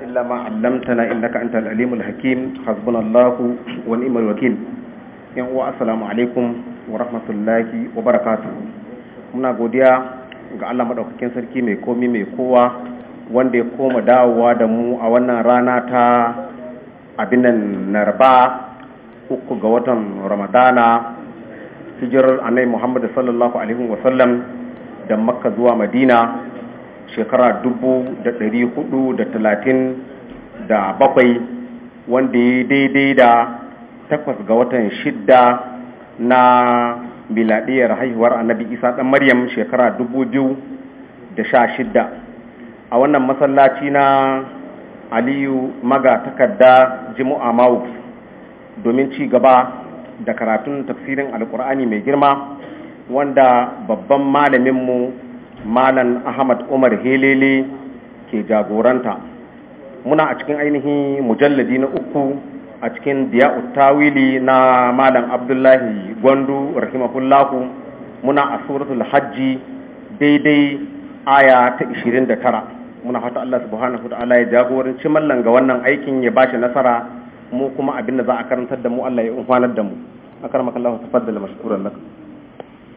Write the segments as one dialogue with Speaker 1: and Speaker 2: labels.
Speaker 1: إلا ما علمتنا إنك أنت العليم الحكيم حسبنا الله ونعم الوكيل yan uwa assalamu alaikum wa rahmatullahi wa barakatu. muna godiya ga Allah madaukakin sarki mai komi mai kowa wanda ya koma dawowa da mu a wannan rana ta abinan narba uku ga watan ramadana hijirar annabi Muhammadu sallallahu alaihi wa da makka zuwa madina shekara dubu da ɗari hudu da talatin da bakwai wanda ya daidai da takwas ga watan shidda na miladiyar haihuwar annabi isa ɗan maryam shekara dubu biyu da sha shidda a wannan masallaci na aliyu maga takarda jimu'a mawuf domin ci gaba da karatun tafsirin alkur'ani mai girma wanda babban malaminmu malam ahmad umar helele ke jagoranta muna a cikin ainihin mujalladi na uku a cikin diya tawili na malam abdullahi gwandu rahimahullahu muna a suratul hajji daidai aya ta 29 muna fata Allah subhanahu ta'ala ya jagoranci mallan ga wannan aikin ya bashi nasara mu kuma abinda za a karantar da mu Allah ya umfanar da mu akarmakallahu tafaddala mashkuran laka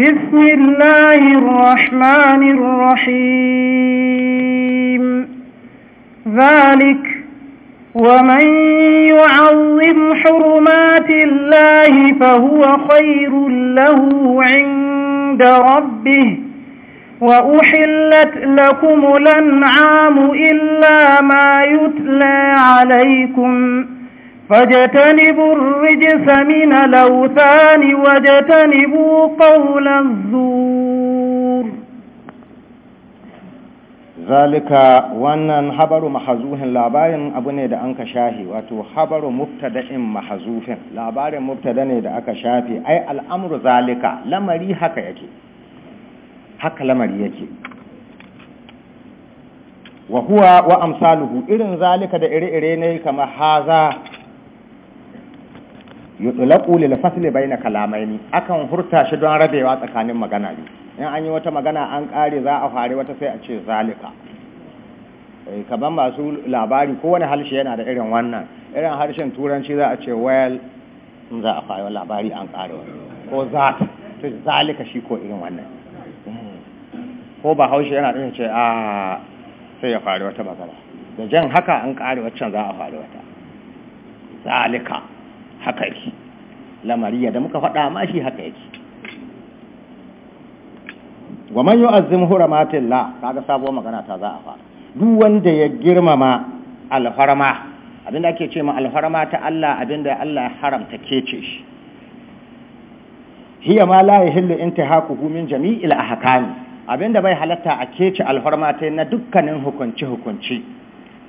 Speaker 2: بسم الله الرحمن الرحيم ذلك ومن يعظم حرمات الله فهو خير له عند ربه وأحلت لكم الأنعام إلا ما يتلى عليكم فاجتنبوا الرجس من الأوثان واجتنبوا قول الزور
Speaker 1: ذلك wannan habaru mahazuhin labarin abu ne da an ka shahi wato habaru mubtada'in mahazufin labarin mubtada ne da aka shafe ai al'amru zalika lamari haka yake haka lamari yake wa huwa wa irin zalika da ire-ire ne kamar haza yutlaqu lil fasli baina kalamaini akan hurta shi don rabewa tsakanin magana biyu in an yi wata magana an kare za a fare wata sai a ce zalika eh, kaban masu labari ko wani harshe yana da irin wannan irin harshen turanci za a ce well in za a fare labari an kare ko za ta zalika shi ko irin wannan ko ba haushe yana da ce a ah, sai ya fare wata magana da jan haka an kare waccan za a fare wata zalika haka yake lamari da muka faɗa ma shi haka yake wa man yu'azzim kaga sabuwar magana ta za a fara duk wanda ya girmama alfarma abinda ake ce ma alfarma ta Allah abinda Allah ya haramta kece shi hiya ma la yahillu hu min jami'il ahkam abinda bai halatta a kece alfarma ta na dukkanin hukunci hukunci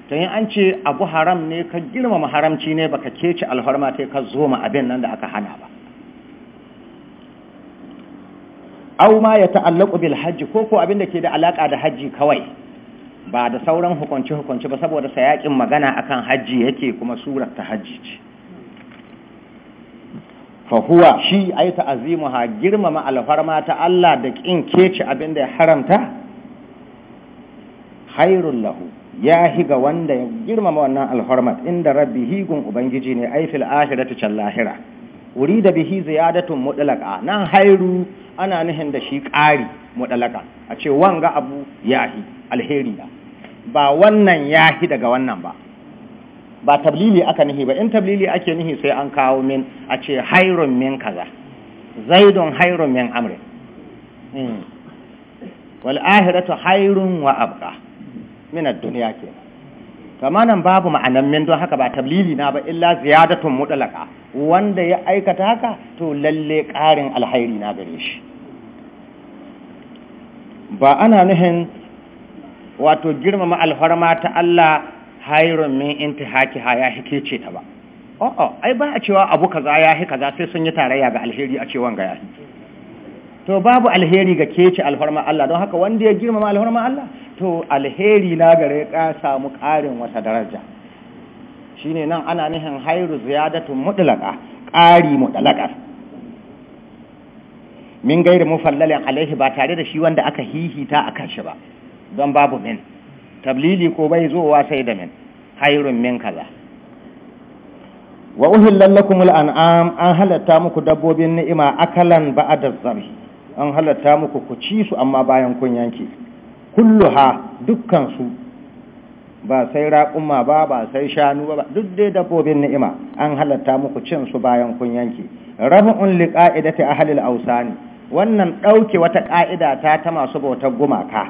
Speaker 1: to yin an ce abu haram ne ka girmama haramci ne baka kece alfarma ta ka zo ma abin nan da aka hana ba au ma ya ta'allaku bil hajji ko ko abin da ke da alaka da hajji kawai ba da sauran hukunci hukunci ba saboda sayakin magana akan hajji yake kuma surar ta hajji ce fa huwa shi ay ta'azimuha girmama alfarma ta Allah da kin kece abin da ya haramta khairul lahu ya hi ga wanda ya girmama wannan alhormat inda rabbi higun ubangiji ne ai ahiratu can lahira wuri da bihi ziyadatun mudalaka nan hairu ana nuhin da shi ƙari mudalaka a ce wanga abu ya yahi alheri ba wannan yahi daga wannan ba ba tablili aka nuhi ba in tablili ake nuhi sai an kawo min a ce hairun min kaza zaidun hairun min amrin hmm. wal ahiratu hairun wa abqa ad duniya ke kama nan babu ma'anan min don haka ba tablili na ba illa ziyadatun mutlaka wanda ya aikata haka to lalle karin alhairi na gare shi ba ana nuhin wato girmama alfarma ta Allah hairun min intihaki ha ya hike ce ta ba oh ai ba a cewa abu kaza ya hi kaza sai sun yi tarayya ga alheri a cewa ga yahi to babu alheri ga kece alfarma Allah don haka wanda ya girmama alfarma Allah to alheri na gare ka samu ƙarin wata daraja shine nan ana nihin hairu ziyadatun mutlaka ƙari mutlaka min gairi mufallalin alaihi ba tare da shi wanda aka hihita a shi ba don babu min tablili ko bai wa sai da min hairun min kaza wa uhillan lakumul an'am an halatta muku dabbobin ni'ima akalan ba'da zabi an halatta muku ku ci su amma bayan kun yanke kulluha dukkansu ba sai raƙuma ba ba sai shanu ba duk dai dabbobin ni'ima an halatta muku cin su bayan kun yanke rabu'un li qa'idati ahli al-awsani wannan dauke wata ƙa'ida ta ta masu bautar gumaka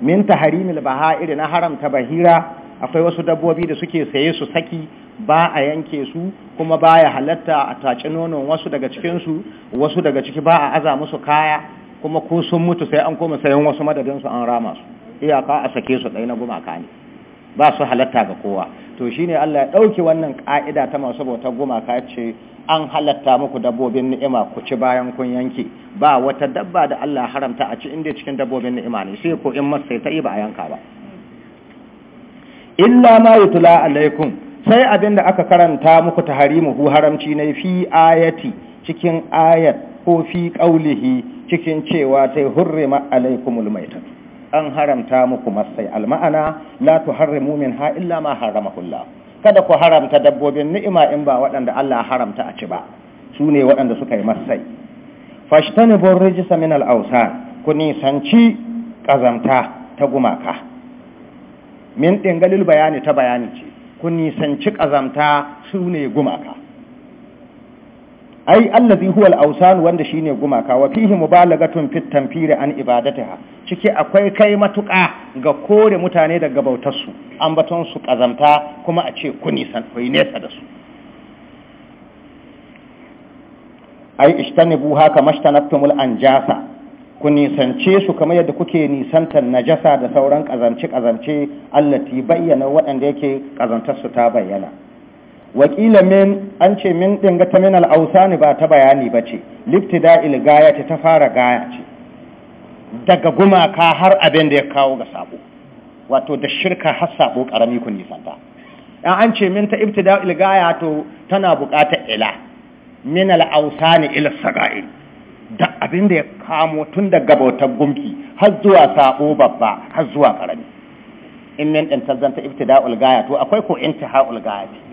Speaker 1: min taharimil baha'ir na haramta bahira akwai wasu dabbobi da suke saye su saki ba a yanke su kuma baya halatta a tace nonon wasu daga cikin su wasu daga ciki ba a aza musu kaya kuma ko sun mutu sai an koma sayan wasu madadinsu an rama su iyaka a sake su ɗai na gumaka ne ba su halatta ga kowa to shine Allah ya ɗauki wannan ƙa'ida ta masu bauta gumaka ce an halatta muku dabbobin ni'ima ku ci bayan kun yanke ba wata dabba da Allah haramta a ci inda cikin dabbobin ni'ima ne sai ko in masai ta yi ba a yanka ba illa ma yutla alaikum sai abin da aka karanta muku ta hu haramci ne fi ayati cikin ayat ko fi qaulihi cikin cewa ta hurrima alaikumul maita an haramta muku masai alma'ana la tuharrimu min ha illa ma haramahullah kada ku haramta dabbobin ni'ima in ba waɗanda Allah haramta a ci ba su ne waɗanda suka yi masai fashtanibun rijisa min al'ausan ku nisanci ƙazamta ta gumaka min Galil bayani ta bayani ce ku nisanci ƙazamta su ne gumaka ai allazi huwa al-awsan wanda shine gumaka wa fihi mubalagatun fit tanfiri an ibadatiha ciki akwai kai matuka ga kore mutane daga bautar su ambaton su kazamta kuma a ce ku nisan ku nesa da su ai ishtanibu haka mashtanaftumul anjasa ku nisance su kamar yadda kuke nisantar najasa da sauran kazance kazance allati bayyana waɗanda yake kazantar su ta bayyana wakila min an ce min ɗin ga ta min al'ausani ba ta bayani ba ce liftida'il gaya ce ta fara gaya ce daga gumaka har abin da ya kawo ga sabo wato da shirka har sabo karami ku nisanta an an ce min ta ibtida'il gaya to tana bukata ila min al'ausani ila saga'il da abin da ya kamo tun daga bautar gumki har zuwa sabo babba har zuwa karami in min ɗin ta zanta ibtida'ul gaya to akwai ko intiha'ul gaya ce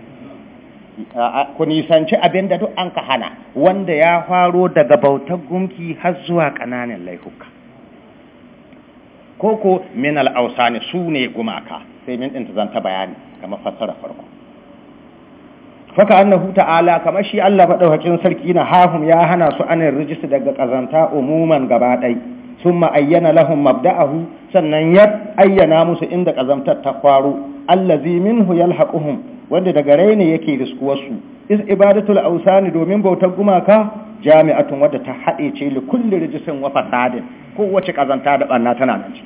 Speaker 1: ku nisanci abin da duk an ka hana wanda ya faro daga bautar gunki har zuwa ƙananan laifuka koko min ne su ne gumaka sai min ɗin zanta bayani kamar fassara farko faka huta Ala kamar shi Allah madaukakin sarki na hahun ya hana su anin rijista daga ƙazanta umuman gaba ɗaya ثم sannan لهم ayyana musu inda أين ta عند Allah التقوار min huyal haƙuhun wanda daga raini yake riskuwarsu is ibadatul ausani domin bautar gumaka jami'atun wadda ta haɗe ce li kulli rijisin wa fasadin kowace kazanta da ɓanna tana nan ce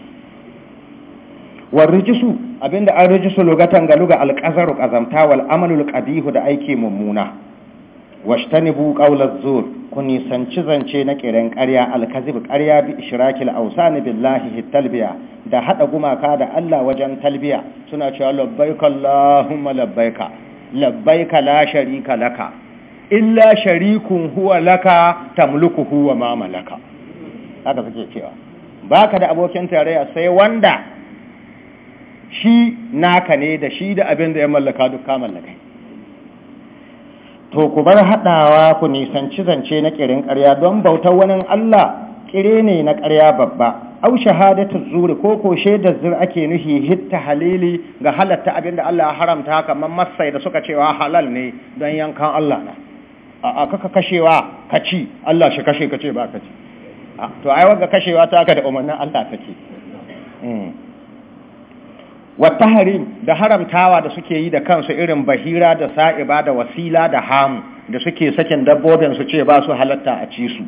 Speaker 1: war rijisu abinda an rijisu lugatan ga luga alqazaru qazamta wal amalul qabihu da aiki mummuna washtanibu qawla zur ku nisanci zance na kiran ƙarya alkazib ƙarya bi ishrakil awsani billahi talbiya da hada gumaka da Allah wajen talbiya suna cewa labbaika allahumma labbaika labbaika la sharika laka illa sharikun huwa laka tamluku huwa ma malaka haka suke cewa baka da abokin tarayya sai wanda shi naka ne da shi da abin da ya mallaka duk ka mallaka to ku bar haɗawa ku nisanci zance na ƙirin ƙarya don bautar wani Allah ƙire ne na ƙarya babba au shahadatu zuri ko ko shaidar zur ake nuhi hitta halili ga halatta abinda Allah ya haramta kamar masai da suka cewa halal ne don yankan Allah na a kaka kashewa ka ci Allah shi kashe ka ce ba ka ci to ai wanga kashewa ta ka da umarnin Allah take hmm. tahrim da haramtawa da suke yi da kansu irin bahira da sa'iba da wasila da hamu da suke sakin dabbobin su ce ba su halatta a ci su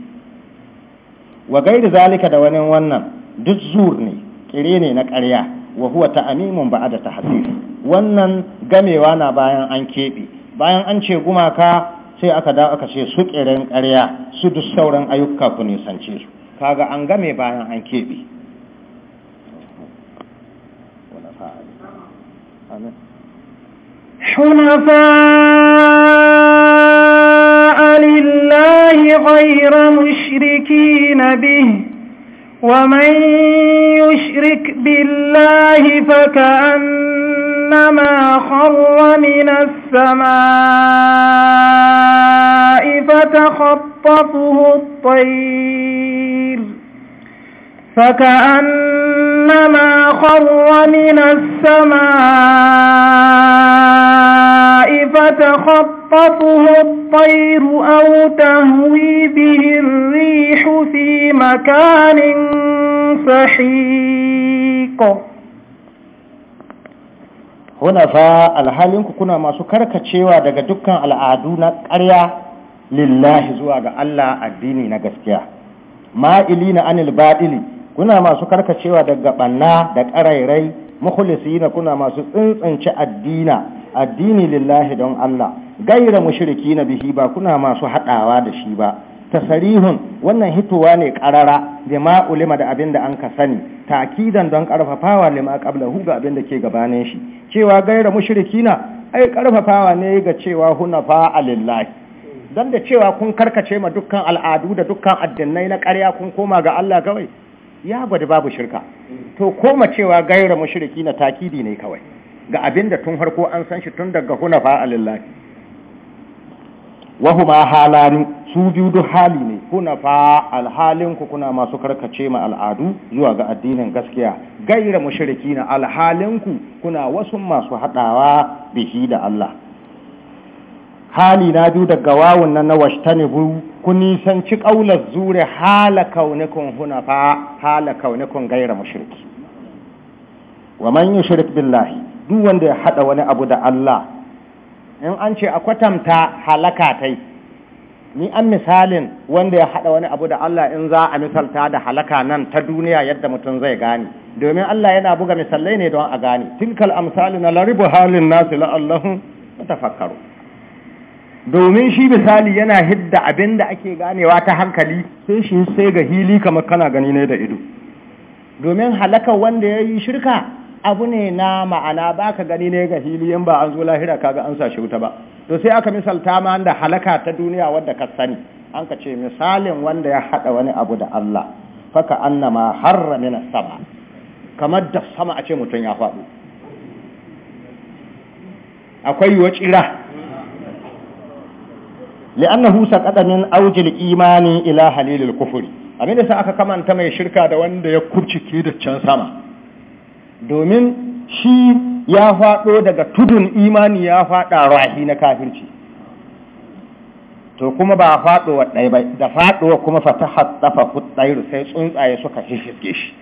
Speaker 1: wa gairi zalika da wani wannan duk zur ne kire ne na ƙarya wa huwa ta'amimun ba'da tahsis wannan gamewa na bayan an kebe bayan an ce gumaka sai aka dawo aka ce su ƙirin ƙarya su duk sauran ayyuka ku nisance su kaga an game bayan an
Speaker 2: kebe حنفاء لله غير مشركين به ومن يشرك بالله فكأنما خر من السماء فتخطفه الطير فكأنما إنما خر من السماء فتخطفه الطير أو تهوي به الريح في مكان سحيق
Speaker 1: هنا فالحالين كنا ما سكرك تشيوى دقا دكا على عدونا قريا لله زواج الله الديني نقسكيا ما إلينا anil baɗili kuna masu karkacewa daga banna da ƙarairai na kuna masu tsintsance addina addini lillahi don Allah gaira na bihi ba kuna masu haɗawa da shi ba tasarihun wannan hitowa ne karara da ma da abinda da an ka sani takidan don karfafawa lima hu ga abin da ke gabanin shi cewa gaira na, ai karfafawa ne ga cewa hunafa alillahi don da cewa kun karkace ma dukkan al'adu da dukkan addinai na ƙarya kun koma ga Allah kawai ya gwada babu shirka to koma cewa gaira mushriki na takidi ne kawai ga abinda da tun harko an san shi tun daga hunafa alillahi wahuma halanu su biyu duk hali ne hunafa alhalinku alhalin ku kuna masu karkace ma al'adu zuwa ga addinin gaskiya gaira mushriki na alhalinku kuna wasu masu haɗawa bihi da Allah hali na biyu daga wawun nan na washtanibu ku nisanci kaular zure hala kaunikun hunafa hala kaunikun gaira mushriki wa man yushrik billahi duk wanda ya hada wani abu da Allah in an ce a kwatanta halaka tai ni an misalin wanda ya hada wani abu da Allah in za a misalta da halaka nan ta duniya yadda mutum zai gane domin Allah yana buga misalai ne don a gane tilkal amsalina na laribu halin nasu allahu tafakkaru
Speaker 2: domin shi misali yana
Speaker 1: hidda abin da ake ganewa ta hankali sai shi sai ga hili kamar kana gani ne da ido domin halaka wanda ya yi shirka abu ne na ma'ana ba ka gani ne ga hili in ba an zo lahira kaga an sa shi wuta ba to sai aka misalta ma da halaka ta duniya wadda ka sani an ka ce misalin wanda ya haɗa wani abu da Allah faka annama harra mina sama kamar da sama a ce mutum ya faɗo akwai yiwa tsira li'annahu saqata min awjil imani ila halilil kufri abinda sai aka kamanta mai shirka da wanda ya kurcike da sama domin shi ya faɗo daga tudun imani ya faɗa rahi na kafirci to kuma ba faɗowa ɗaya ba da faɗowa kuma fata haɗafa kuɗairu sai tsuntsaye suka shishirge shi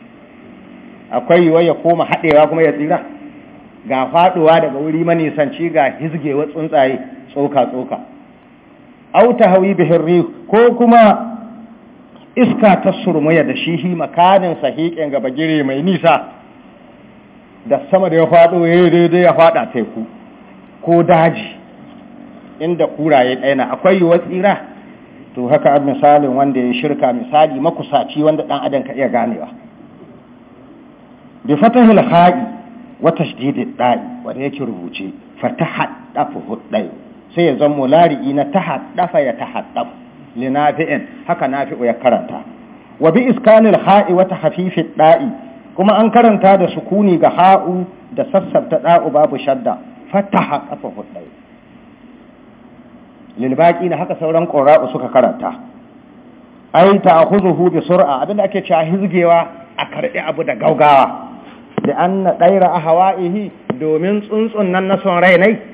Speaker 1: akwai yiwuwa ya koma haɗewa kuma ya tsira ga faɗuwa daga wuri manisanci ga hizgewa tsuntsaye tsoka-tsoka au tahawi bihi ko kuma iska ta surmaya da shi hi makanin sahiƙin gaba gire mai nisa da sama da ya faɗo ya daidai ya faɗa teku ko daji inda kuraye ɗaya akwai yiwuwar tsira to haka misalin wanda ya shirka misali makusaci wanda ɗan adam ka iya ganewa bi fatahil wata wa tashdidid da'i wanda yake rubuce fatahat dafu huddai sai ya zan mulari'i na haddafa ya ta tahaddaf li nafi'in haka nafi'u ya karanta wa bi iskanil ha'i wa hafifi da'i kuma an karanta da sukuni ga ha'u da sassabta da'u babu shadda fataha kafa hudai lil baqi na haka sauran qura'u suka karanta ai ta'khuzuhu bi sur'a abinda ake cewa hizgewa a karbi abu da gaugawa da anna daira ahwa'ihi domin tsuntsun nan na son rai nai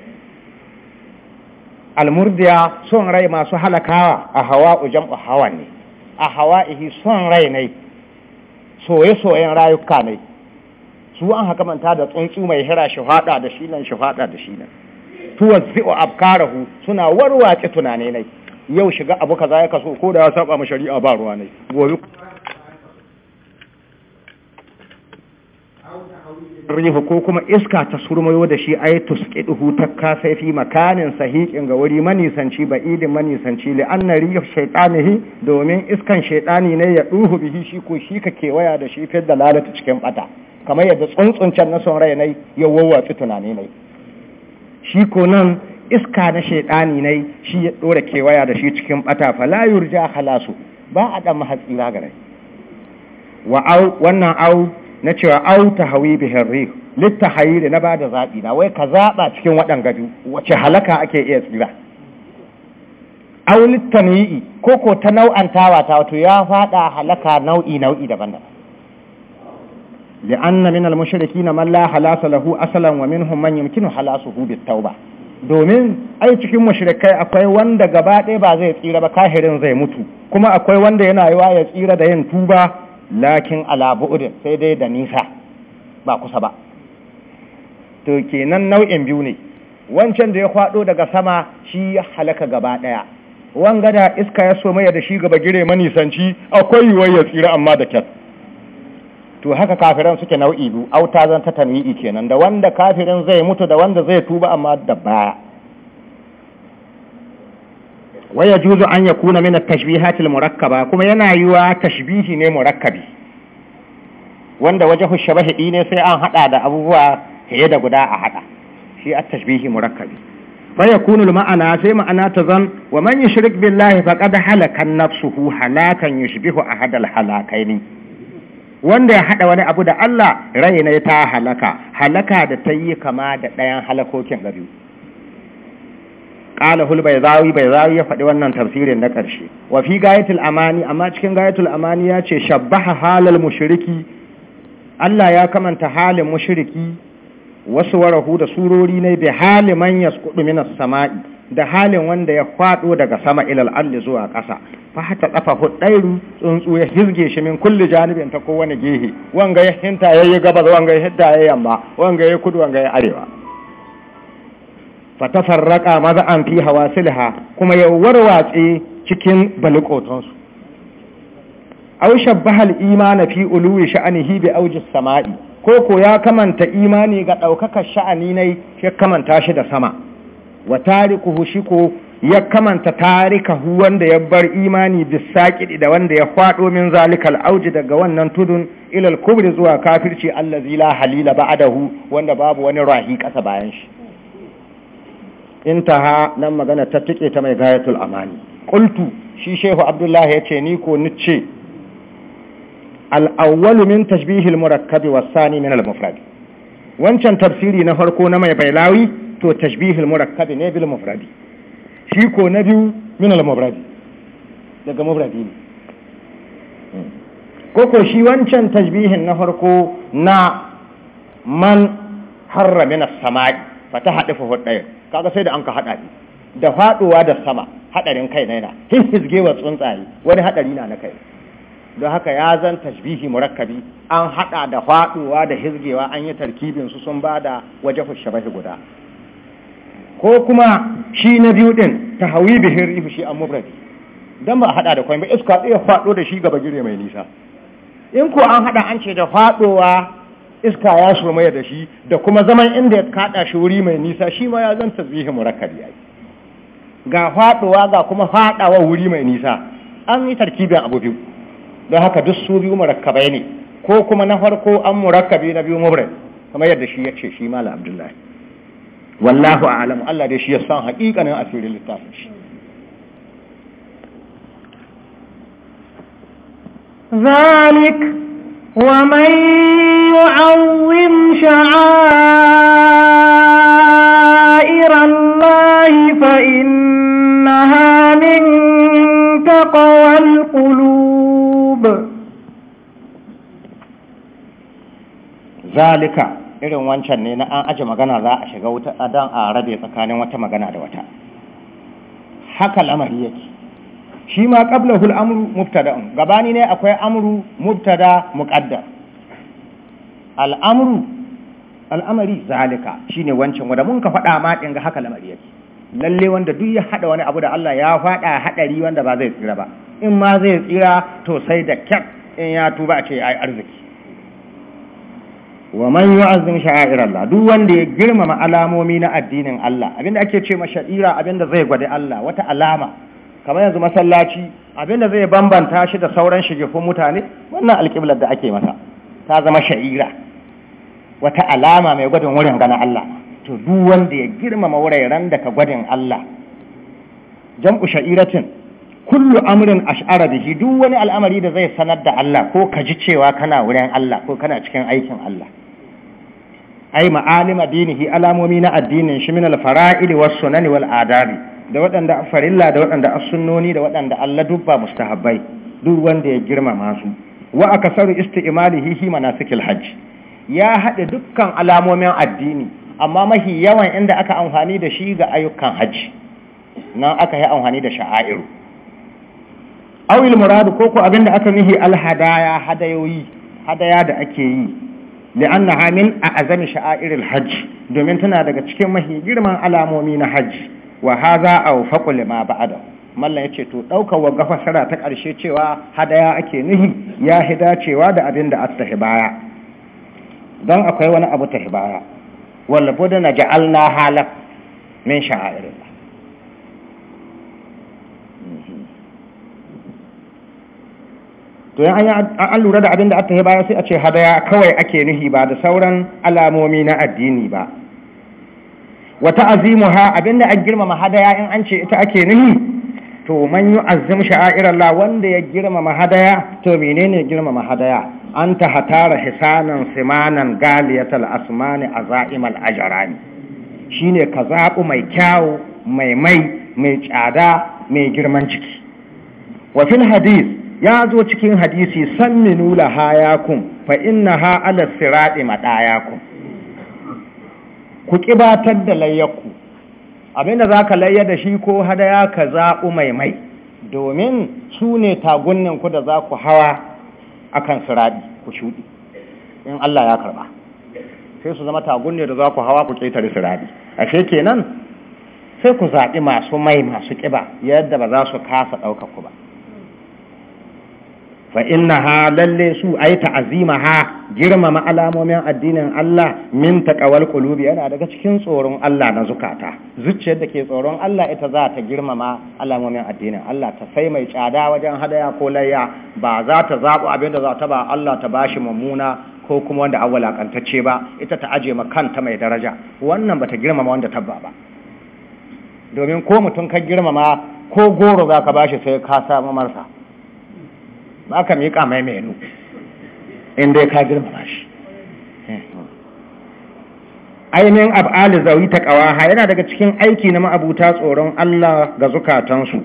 Speaker 1: almurdiya son rai masu halakawa a hawa ujan hawa ne a hawa ihi son rai ne soye-soyen rayuka ne su an haka manta da tsuntsu mai hira shi hada da shi nan shi hada da shi nan zi'o abkarahu suna warwace tunane ne yau shiga abu kaza ya kaso ko da ya saba ma shari'a ba ruwa ne gobe rihu ko kuma iska ta surmayo da shi ai duhu ta kasafi makanin sahiqin ga wuri manisanci ba'idin manisanci li anna riyah shaytanihi domin iskan shaytani ne ya duhu bihi shi ko shi ka kewaya da shi fil lalata cikin bata kamar yadda tsuntsuncen na son rai nai ya wawwace tunani nai shi ko nan iska na shaytani nai shi ya dora kewaya da shi cikin bata la yurja khalasu ba a dan mahatsira ga wa au wannan au na cewa au ta hawi bi harri litta hayri na bada da zaɓi na wai ka zaɓa cikin waɗanga biyu wace halaka ake iya tsira au litta ni'i ko ko ta nau'antawa ta wato ya faɗa halaka nau'i nau'i daban-daban li'anna min al-mushrikin man la halasa lahu asalan wa minhum man yumkinu halasuhu bit-tauba domin ai cikin mushrikai akwai wanda gaba ɗaya ba zai tsira ba kahirin zai mutu kuma akwai wanda yana yawa ya tsira da yin tuba lakin ala bu'udin sai dai da nisa ba kusa ba to kenan nau'in biyu ne wancan da ya kwado daga sama shi ya halaka gaba daya wanga da iska ya so mai da shi gaba gire manisanci akwai yiwuwar ya tsira amma da kyar to haka kafiran suke nau'i biyu auta zan ta kenan da wanda kafirin zai mutu da wanda zai tuba amma da baya waya juzu an ya kuna mina tashbihatil murakkaba kuma yana yiwa tashbihi ne murakkabi wanda wajahu shabahi ne sai an hada da abubuwa fiye da guda a hada shi at tashbihi murakkabi fa yakunu al ma'ana sai ma'ana ta zan wa man yushrik billahi faqad halaka nafsuhu halakan yushbihu ahad al halakaini wanda ya hada wani abu da Allah rai ne ta halaka halaka da ta yi kama da ɗayan halakokin gabi qala hul bai bayzawi ya faɗi wannan tafsirin na ƙarshe wa fi gayatul amani amma cikin gayatul amani ya ce shabbaha halal mushiriki Allah ya kamanta halin mushiriki wasu warahu da surori ne bi halin man yasqudu minas sama'i da halin wanda ya faɗo daga sama ilal alli zuwa ƙasa fa hata tsafa hudairu tsuntsu ya hizge shi min kulli janibin ta kowane gehe wanga ya hinta yayi gabas wanga ya hinta yayi yamma wanga ya kudu wanga ya arewa fatafarraka maza an fi hawa silha kuma ya warwatse cikin balikotonsu Au shabbahal al-imana fi uluwi sha'anihi bi awji samai ko ko ya kamanta imani ga daukaka sha'ani nai ya kamanta shi da sama wa tariku ko ya kamanta tarika hu wanda ya bar imani bisaqidi da wanda ya fado min zalikal auji daga wannan tudun ilal kubri zuwa kafirci allazi la halila ba'dahu wanda babu wani rahi kasa bayan shi intaha nan magana ta tike ta mai gayatul amani qultu shi shehu abdullahi yace ni ko ni ce al-awwalu min tashbihil murakkabi was-sani min al-mufrad wancan tafsiri na farko na mai bailawi to tashbihil murakkabi ne bil mufrad shi ko na biyu min al mufrad daga mufrad ne hmm. koko shi wancan tashbihin na farko na man harra min as-sama'i fata hadifu hudayya kaga sai da an ka haɗa da faɗuwa da sama haɗarin kai na yana hin hizgewar tsuntsaye wani haɗari na na kai don haka ya zan tashbihi murakkabi an haɗa da faɗuwa da hizgewa an yi tarkibin su sun ba da waje bashi guda ko kuma shi na biyu ɗin ta hawi bihin shi an mufradi don ba a haɗa da kwai ba iska tsaye faɗo da shi gaba gire mai nisa in ko an haɗa an ce da faɗowa iska ya mai da shi da kuma zaman inda ya kada shi wuri mai nisa shi ma ya zanta zihi murakkab yayi ga faduwa ga kuma fadawa wuri mai nisa an yi tarkibin abu biyu don haka duk su biyu murakkabai ne ko kuma na farko an murakkabi na biyu mubrad kamar yadda shi ya ce shi malam abdullahi wallahu a'lam Allah dai shi ya san hakikanin asirin littafin shi
Speaker 2: ذلك ومن يعظم شعائر الله فإنها من تقوى القلوب
Speaker 1: ذلك irin wancan ne na an aje magana za a shiga wuta dan a rabe tsakanin wata magana da wata haka lamari yake shi ma qablahu hul amru mubtada'un gabani ne akwai amru mubtada muƙaddar al al'amari zalika shine wancan wadda mun ka faɗa maɗin ga haka lamari yake lalle wanda duk ya haɗa wani abu da Allah ya faɗa haɗari wanda ba zai tsira ba in ma zai tsira to sai da kyat in ya tuba a ce ya yi arziki wa man yu'azzim sha'air Allah duk wanda ya girmama alamomi na addinin Allah abinda ake ce ma sha'ira abinda zai gwada Allah wata alama kamar yanzu masallaci abinda zai bambanta shi da sauran shigifin mutane wannan alƙiblar da ake masa. ta zama sha'ira wata alama mai gwadin wurin gana Allah to duk wanda ya girmama wuraren da ka gwadin Allah jam'u sha'iratin kullu amrin ash'ara bihi duk wani al'amari da zai sanar da Allah ko ka ji cewa kana wurin Allah ko kana cikin aikin Allah ai ma'alim dinihi alamomi na addinin shi min al-fara'id was sunan wal adabi da waɗanda farilla da waɗanda asunnoni da waɗanda Allah dubba mustahabbai duk wanda ya girmama su wa akasaru isti'malihi na manasikil hajj ya haɗe dukkan alamomin addini amma mahi yawan inda aka amfani da shi ga ayyukan hajji nan aka yi amfani da sha'airu awil muradu ko ko abinda aka nihi alhadaya hadayoyi hadaya da ake yi li'annaha min a'zami sha'airil hajj domin tana daga cikin mahi girman alamomi na hajji wa haza awfaqu lima ba'da mallan ce to daukar wa gafasara ta ƙarshe cewa hadaya ake nihi ya dacewa da abin da astahi baya don akwai wani abu tahi baya wanda bude na na halar min sha'airillah to yi an lura da abin da attahi baya sai a ce hadaya kawai ake nihi ba da sauran alamomi na addini ba wata azimuha abinda an girmama hadaya in an ce ita ake nuhi to man yu'azzim sha'airallah wanda ya girmama hadaya to menene girmama hadaya an ta hatara hisanan simanan galiyatal asmani a Za'imal ajrani shine ka zabu mai kyawu, mai mai mai tsada mai girman ciki wa hadis ya zo cikin hadisi nula lahayakum fa innaha ala sirati madayakum ku ƙibatar da layyakku abinda za ka layya da shi ko hadaya ka zaɓu mai mai domin su ne tagunninku da za ku hawa akan siraɗi ku shuɗi in Allah ya karɓa sai su zama tagunne da za ku hawa ku ƙetare siraɗi ashe kenan sai ku zaɓi masu mai masu ƙiba yadda ba za su kasa ɗaukaku ba fa inna ha lalle su ai ta'azima ha girmama alamomin addinin Allah min taqawal qulubi yana daga cikin tsoron Allah na zukata zuciyar da ke tsoron Allah ita za ta girmama alamomin addinin Allah ta sai mai tsada wajen hadaya ko layya ba za ta zabo abin za ta ba Allah ta bashi mummuna ko kuma wanda awwala kantacce ba ita ta aje ma kanta mai daraja wannan bata girmama wanda tabba ba domin ko mutum ka girmama ko goro za ka bashi sai ka samu marsa ba ka miƙa mai menu in dai ka girmama shi ainihin ab'ali za'wi ta ƙawaha yana daga cikin aiki na ma'abuta tsoron Allah ga zukatansu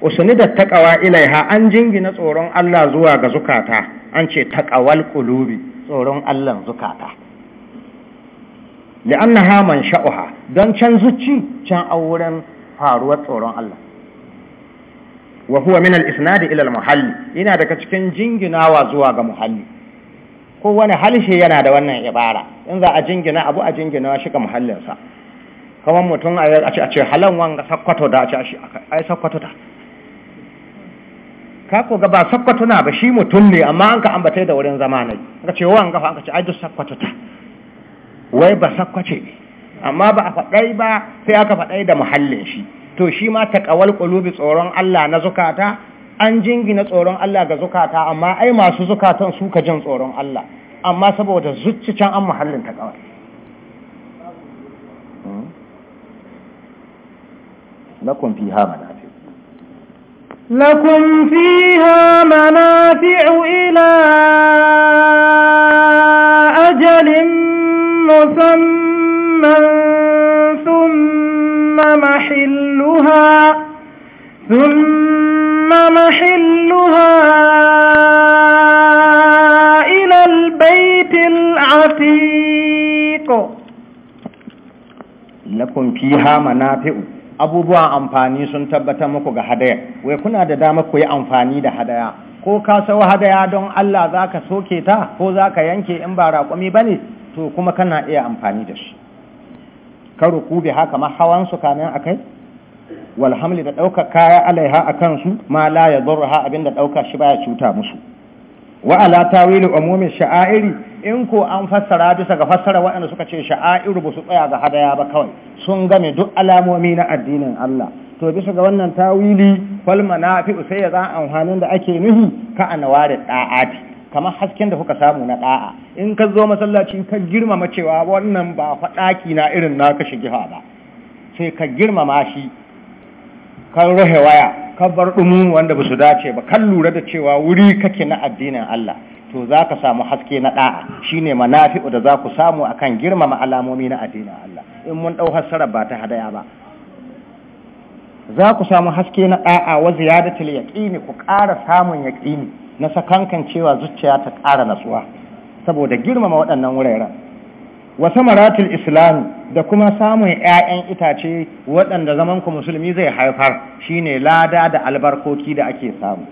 Speaker 1: usuni da taƙawa ilaiha an jingina tsoron Allah zuwa ga zukata an ce taƙawal ƙulubi tsoron Allah zukata li'annaha man sha'uha don can zuci can auren faruwar tsoron Allah wa huwa min al-isnad ila al-muhalli ina daga cikin jinginawa zuwa ga muhalli ko wani halshe yana da wannan ibara in za a jingina abu a jingina shi ga muhallinsa kamar mutum a ce a ce halan wanga sakkwato da a ce a yi sakkwato ta, ka ko ga ba sakkwato na ba shi mutum ne amma an ka ambata da wurin zama ne ka ce wanga fa an ka ce ai duk sakkwato ta wai ba sakkwace ne amma ba a faɗai ba sai aka faɗai da muhallin shi to shi ma ta ƙawal ƙulubi tsoron Allah na zukata an jingina tsoron Allah ga zukata amma ai masu zukatan su ka jin tsoron Allah amma saboda zuccicen an muhallin taqawal
Speaker 2: hmm? lakum fiha manafi lakum fiha manafi'u ila ajalin musamman محلها ثم محلها إلى البيت العتيق
Speaker 1: لكم فيها منافع abubuwan amfani sun tabbatar muku ga hadaya wai kuna da dama ku yi amfani da hadaya ko ka sau hadaya don Allah za ka soke ta ko za ka yanke in ba raƙumi ba ne to kuma kana iya amfani da shi ka rukubi haka ma hawan su kamin akai wal hamli da ɗaukar kaya alaiha a kansu ma la ya abin abinda ɗauka shi baya cuta musu wa ala tawilu umumi sha'airi in ko an fassara bisa ga fassara waɗanda suka ce sha'airu ba su tsaya ga hadaya ba kawai sun game duk alamomi na addinin Allah to bisa ga wannan tawili fal manafi'u sai ya za amfanin da ake nuhi ka anwarid da'ati kamar hasken da kuka samu na ɗa'a, in ka zo masallaci ka girmama cewa wannan ba faɗaki na irin na kashe shigifa ba sai ka girmama shi
Speaker 2: ka ruhe waya ka bar ɗumu
Speaker 1: wanda ba su dace ba kan lura da cewa wuri kake na addinin Allah to za ka samu haske na ɗa'a shi ne manafi'u da za ku samu a akan girmama alamomi na addinin Allah in mun ɗau hassarar ba ta hadaya ba za ku samu haske na ɗa'a wa ziyadatul yaqini ku ƙara samun yaqini na sakankan cewa zuciya ta ƙara nasuwa saboda girmama waɗannan wuraren wasu maratul islam da kuma samun 'ya'yan itace waɗanda zaman ku musulmi zai haifar shine lada da albarkoki da ake samu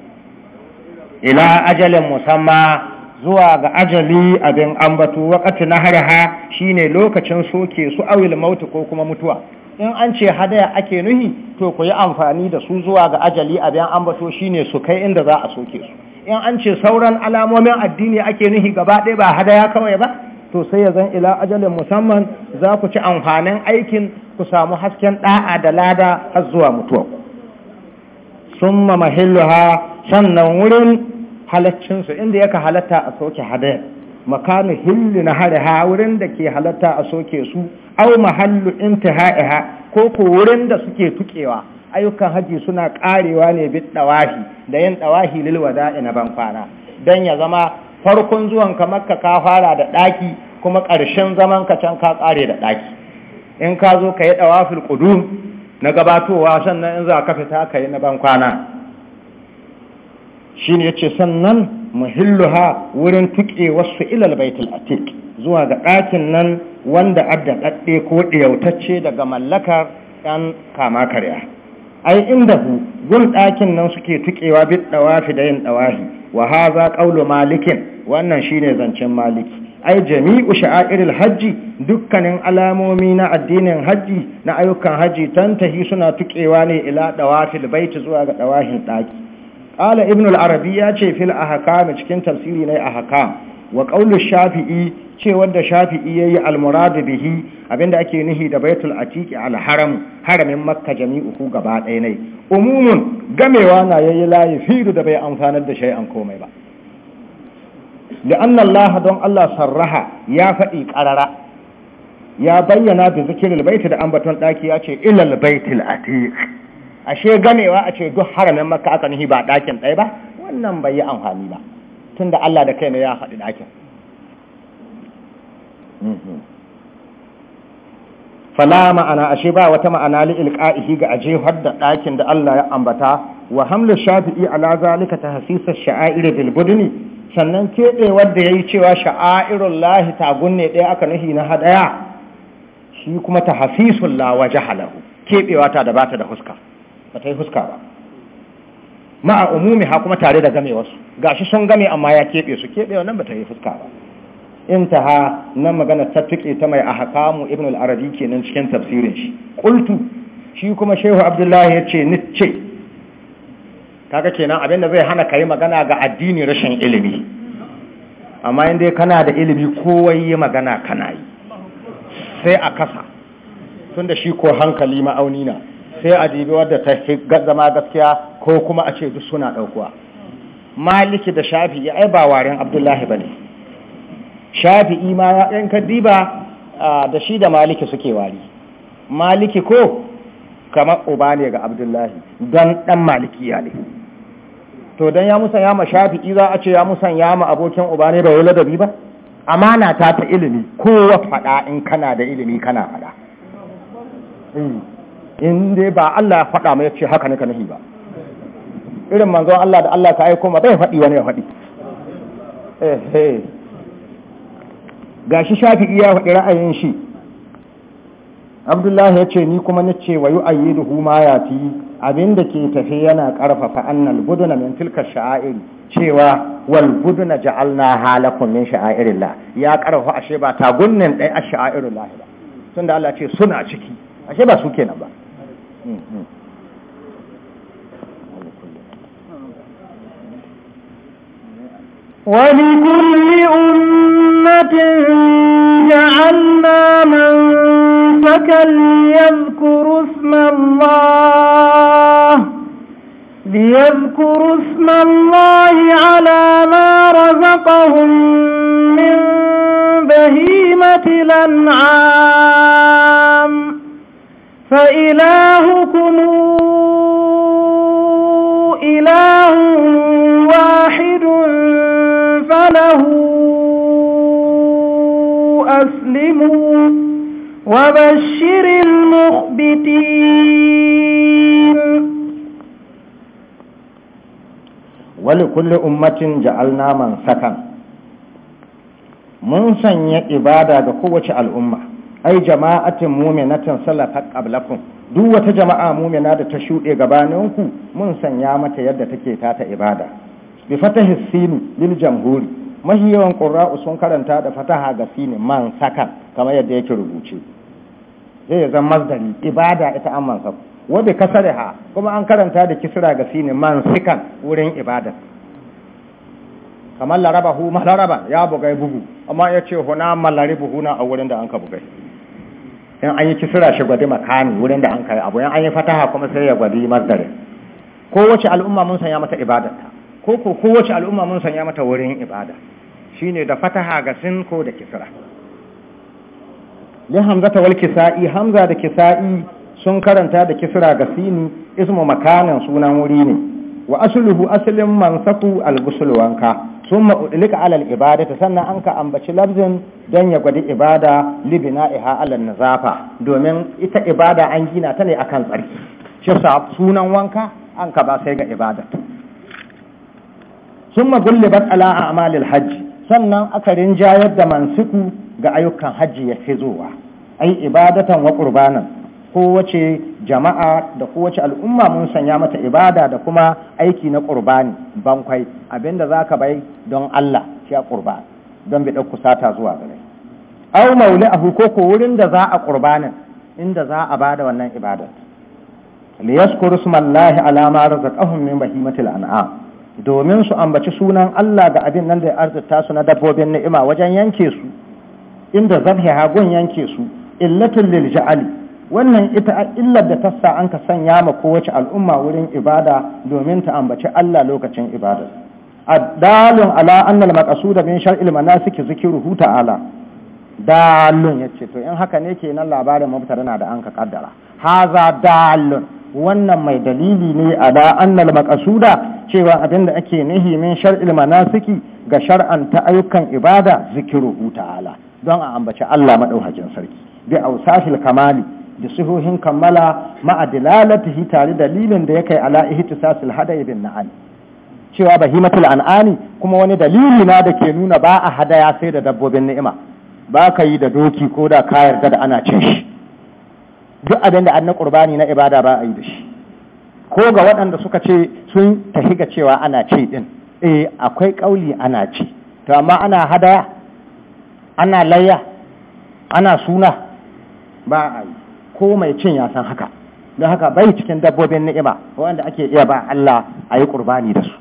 Speaker 1: ila ajalin musamma zuwa ga ajali abin ambatu wakati na harha shine lokacin soke su awil mautu ko kuma mutuwa in an ce hadaya ake nuhi to ku yi amfani da su zuwa ga ajali abin ambato shine su kai inda za a soke su in an ce sauran alamomin addini ake nuhi gaba ɗaya ba hadaya kawai ba to sai ya zan ila ajalin musamman za ku ci amfanin aikin ku samu hasken ɗa'a da lada har zuwa mutuwa sun mahilluha sannan wurin halaccinsu inda yaka halatta a soke hadaya makanu hilli na ha wurin da ke halatta a soke su au mahallu intiha'iha ko ko wurin da suke tukewa ayyukan haji suna karewa ne bit dawahi da yin dawahi lil wada'i na ban kwana dan ya zama farkon zuwan ka makka ka fara da daki kuma ƙarshen zaman ka can ka kare da daki in ka zo ka yi dawafil qudum na gabatowa sannan in za ka fita ka yi na ban kwana shine yace sannan muhilluha wurin tuke wasu ilal baitul Atik, zuwa ga ɗakin nan wanda adda ɗaɗɗe ko ɗiyautacce daga mallakar ɗan kama karya ai inda hu gun ɗakin nan suke tuƙewa bit ɗawafi da yin ɗawahi, wa haza ƙaulu malikin wannan shine zancen maliki ai jami'u sha'airil hajji dukkanin alamomi na addinin hajji na ayyukan hajji tantahi suna tuƙewa ne ila ɗawafil baiti zuwa ga ɗawahin ɗaki ƙala ibnu al-arabi ya ce fil ahkam cikin tafsiri ne ahkam wa ƙaunar shafi'i ce wanda shafi'i ya yi almuradu bihi abinda ake nihi da baitul atiki al haram haramin makka jami'uhu gaba ɗaya ne umumin gamewa na yayi layi firu da bai amfanar da shai'an komai ba li'anna Allah don Allah sarraha ya faɗi ƙarara ya bayyana da zikirin baiti da ambaton ɗaki ya ce ilal baitul atiq ashe gamewa a ce duk haramin makka aka nihi ba ɗakin ɗaya ba wannan bai yi amfani ba da Allah da ne ya haɗu ɗakin mhm. fala ma'ana ashe ba wata ma'ana li'il ƙa'ihi ga aje hadda ɗakin da Allah ya ambata wa hamlu shafi'i ala zalika ta hasisar shaair bil budni sannan wadda ya yi cewa sha'airun lahi tagun ne ɗaya aka nuhi na hadaya shi kuma ta hasisun lawa jahalahu keɓewa ta da bata da huska ta yi huska ba ma'a umumi ha kuma tare da ga shi sun game amma ya keɓe su keɓe wannan ba ta yi fuska ba in ta ha nan magana ta tuke ta mai a hakamu ibn al-arabi kenan cikin tafsirin shi qultu shi kuma shehu abdullahi yace ni ce kaga kenan abinda zai hana kai magana ga addini rashin ilimi amma inda kana da ilimi kowai yi magana kana yi sai a kasa tunda shi ko hankali ma'auni na sai a dibi wadda ta zama gaskiya ko kuma a ce duk suna ɗaukuwa maliki da shafi'i ai ba waren abdullahi ba ne shafi'i ma yan kaddiba da shi da maliki suke wari maliki ko kamar uba ne ga abdullahi don ɗan maliki ya ne to don ya musanya ma shafi'i za a ce ya musanya ma abokin uba ne ba wula da ba amana ta ta ilimi kowa faɗa in kana da ilimi kana faɗa hmm. in dai ba Allah ya faɗa mai ce haka ne ka nahi ba irin manzon Allah da Allah ka aiko ma bai faɗi wani ya faɗi eh, eh. gashi shafi iya faɗi ra'ayin shi abdullahi ya ce ni kuma na ce wa yi yati ya fi abinda ke tafe yana ƙarfafa annal buduna min tilka sha'air cewa wal buduna ja'alna halakum min la? ya ƙarfafa ashe ba ta ɗaya a sha'airillah ba tunda Allah ce suna ciki ashe ba su kenan ba hmm, hmm.
Speaker 2: ولكل أمة جعلنا منسكا ليذكروا اسم الله ليذكروا اسم الله على ما رزقهم من بهيمة الأنعام فإلهكم إله واحد له أسلموا وبشر المخبتين
Speaker 1: ولكل أمة جعلنا sanya ibada ga kowace al'umma ai jama'atin muminatin salafat qablakum duk wata jama'a mumina da ta shuɗe gabaninku mun sanya mata yadda take tata ibada bi fatahi sini lil jamhuri mahi yawan qurra'u sun karanta da fataha ga sini man sakan kamar yadda yake rubuce sai ya zama masdari ibada ita an man sakan wa bi kasariha kuma an karanta da kisra ga sini man sikan wurin ibada kamar laraba ma malaraba ya bugai bugu amma ya ce huna malaribu huna a wurin da an ka bugai in an yi kisira shi gwadi makami wurin da an kai abu in an yi fataha kuma sai ya gwadi ko kowace al'umma mun sanya mata ibadarta ko ko kowace al'umma mun sanya mata wurin ibada shine da fataha ga sin ko da kisra ya ta wal kisa'i hamza da kisa'i sun karanta da kisra ga sini ismu makanan sunan wuri ne wa asluhu aslin mansaku al wanka thumma udlika ala al ibadata sannan an ka ambaci lafzin dan ya gwadi ibada libina iha ala nazafa domin ita ibada an gina ta ne akan tsarki shi sunan wanka an ka ba sai ga ibada. Sun summa gullibat ala a'malil hajji sannan aka rinjayar da mansuku ga ayyukan hajji ya fi zuwa ai ibadatan wa qurbanan kowace jama'a da kowace al'umma mun sanya mata ibada da kuma aiki na qurbani bankwai abinda zaka bai don Allah shi qurban don bi kusata sata zuwa gare au Mauli ko ko wurin da za a qurbanin inda za a bada wannan ibada liyaskuru smallahi ala ma razaqahum min bahimatil an'am domin su ambaci sunan Allah ga abin nan da ya arzuta su na dabbobin ni'ima wajen yanke su inda zabhe hagun yanke su illatul lil ja'ali wannan ita illar da tassa an ka sanya ma kowace al'umma wurin ibada domin ta ambaci Allah lokacin ibada adalun ala annal maqsuda min shar'il manasik zikruhu ta'ala dalun yace to in haka ne kenan labarin mubtada na da an ka kaddara haza dalun wannan mai dalili ne a ala annal suda cewa abinda ake nahi min shar'il manasiki ga shar'anta ayyukan ibada zikiru ta'ala don a ambaci Allah madaukakin sarki bi ausafil kamali da sihohin kammala ma'a dilalatihi tare dalilin da ya kai ala ihtisasil hadai bin na'an cewa bahimatul an'ani kuma wani dalili na da ke nuna ba a hadaya sai da dabbobin ni'ima ba ka yi da doki ko da kayar da ana cin shi duk abin da an na ƙurbani na ibada ba a yi da shi ko ga waɗanda suka ce sun tafi ga cewa ana ce ɗin eh akwai ƙauli ana ce to amma ana hadaya ana layya ana suna ba a yi ko mai cin ya san haka don haka bai cikin dabbobin ni'ima waɗanda ake iya ba Allah a yi ƙurbani da su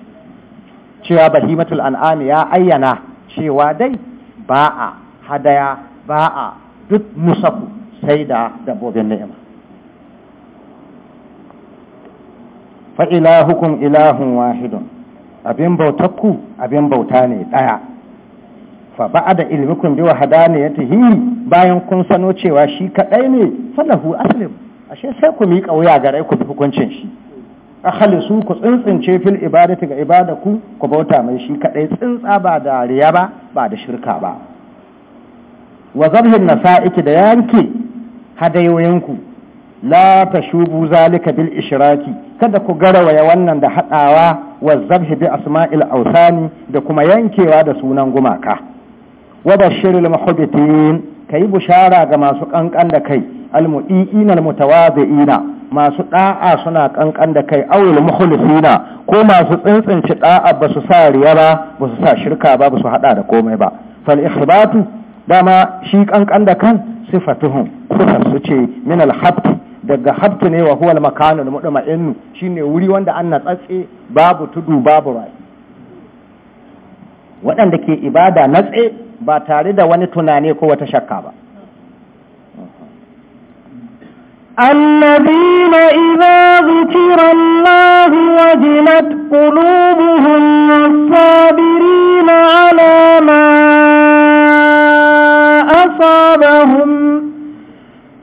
Speaker 1: cewa bahimatul an'ami ya ayyana cewa dai ba a hadaya ba a duk musafu sai da dabbobin ni'ima fa ilahukum ilahun wahidun abin bautakku abin bauta ne daya fa ba'da ilmikum bi wahdaniyatihi bayan kun sano cewa shi kadai ne falahu aslim ashe sai ku miƙa wuya gare ku bi hukuncin shi akhalisu ku tsintsince fil ibadati ga ibadaku ku bauta mai shi kadai tsintsa ba da riya ba ba da shirka ba wa zabhin nasaiki da yanki. hadayoyinku la tashubu zalika bil ishraki kada ku garawaya wannan da haɗawa wa zabhi bi asma'il awsani da kuma yankewa da sunan gumaka wa bashirul muhibbitin kai bushara ga masu kankan da kai almudiina almutawazi'ina masu da'a suna kankan da kai awil mukhlisina ko masu tsintsinci da'a ba su sa riya ba ba su sa shirka ba ba su hada da komai ba fal ihbatu dama shi kankan da kan sifatuhum sifar su ce min alhabti daga habtu ne wa huwal mudama innu shine wuri wanda an natsatse babu tudu babu rai waɗanda ke ibada natse ba tare da wani tunani ko wata shakka ba
Speaker 2: الذين إذا ذكر الله وجلت قلوبهم والصابرين على ما أصابهم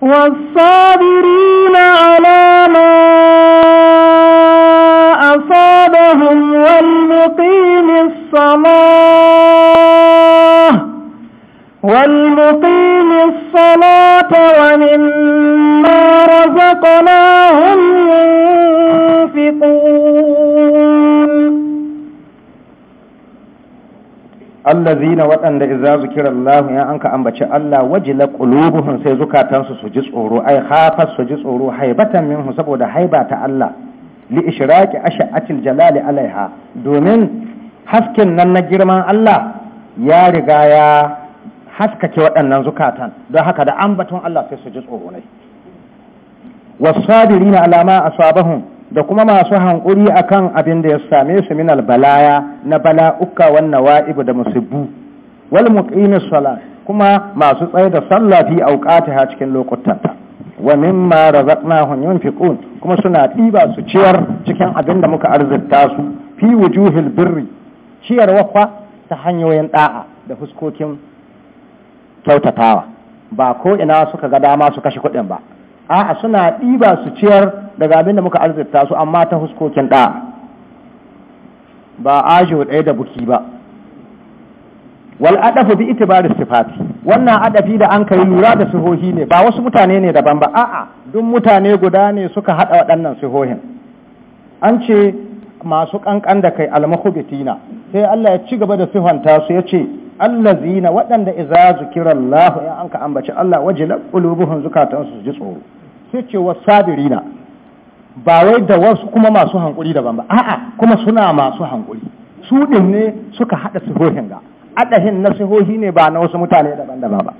Speaker 2: والصابرين على ما أصابهم والمقيم الصلاة والمقيم الصلاة ومما رزقناهم ينفقون
Speaker 1: allazina waɗanda idza zikira Allah ya anka ambaci Allah wajila qulubuhum sai zukatansu su ji tsoro ai hafa su ji tsoro haibatan minhu saboda haiba ta Allah li ishraqi ash'atil jalali alaiha domin hasken nan na girman Allah ya riga ya haskake waɗannan zukatan don haka da ambaton Allah sai su ji tsoro ne wasabirina alama asabahum da kuma masu hankuri akan abin da ya same su min albalaya na bala'uka wannan wa'ibu da musibbu wal muqimi sala kuma masu tsaye da a fi auqatiha cikin lokutanta wa mimma razaqnahum yunfiqun kuma suna ɗiba su ciyar cikin abin da muka arzikta su fi wujuhil birri ciyar wafa ta hanyoyin da'a da fuskokin kyautatawa ba ko ina suka ga dama su kashe kuɗin ba a'a suna ɗiba su ciyar daga abin da muka arzikta su amma ta huskokin ɗa ba ajiyo ɗaya da buki ba wal adafu bi itibari sifati wannan adafi da an kai lura da sihohi ne ba wasu mutane ne daban ba a'a duk mutane guda ne suka hada waɗannan sihohin an ce masu kankan da kai almahubitina sai Allah ya ci gaba da sihonta su ya ce allazina waɗanda izazu zikira ya anka ambaci Allah wajilat qulubuhum zukatansu su ji tsoro sai ce wa sabirina ba wai da wasu kuma masu hankuri daban ba a'a kuma suna masu hankuri su din ne suka hada sihohin ga adahin na sihohi ne ba na wasu mutane daban-daban ba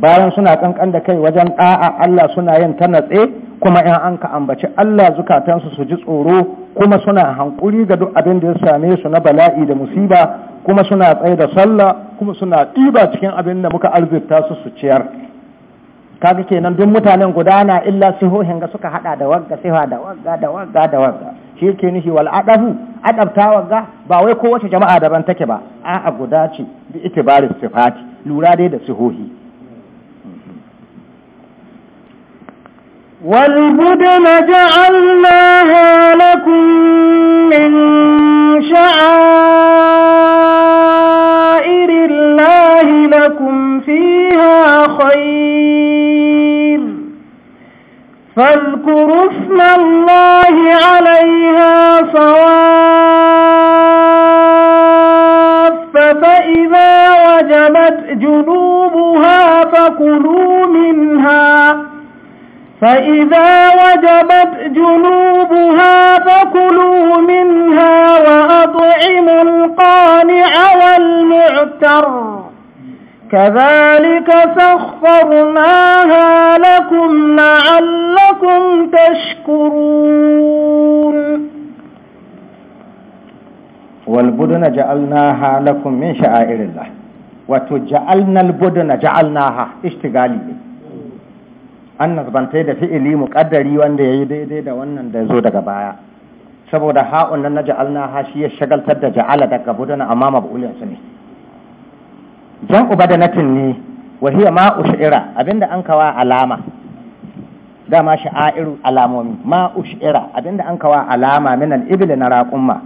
Speaker 1: bayan suna kankan da kai wajen da'a Allah suna yin ta natse kuma in an ka ambaci Allah zukatansu su ji tsoro kuma suna hankuri ga duk abin da ya same su na bala'i da musiba kuma suna tsaye da sallah kuma suna ɗiba cikin abin da muka arzikta su su ciyar kaga kenan duk mutanen gudana illa sihohin ga suka hada da wagga siha da wagga da wagga da wagga shi ke nufi wal adabu adabta wagga ba wai kowace jama'a daban take ba a guda ce bi itibari sifati lura dai da sihohi
Speaker 2: والبدن جعلناها لكم من شعائر لكم فيها خير فاذكروا اسم الله عليها صواف فإذا وجبت جنوبها فكلوا منها فإذا وجبت جنوبها فكلوا منها وأطعموا القانع والمعتر كذلك سخفرناها لكم لعلكم تشكرون
Speaker 1: والبدن جعلناها لكم من شعائر الله وتجعلنا البدن جعلناها اشتغالي an nazbantai da fi'ili muƙaddari wanda ya yi daidai da wannan da zo daga baya saboda ha'un nan na ja'alna ha shi ya shagaltar da ja'ala daga budana amma mab'ulinsu ne
Speaker 2: jan uba da natin
Speaker 1: ne wa hiya ma ushira abinda an kawa alama dama sha'airu alamomi ma ushira abinda an kawa alama min al na raqumma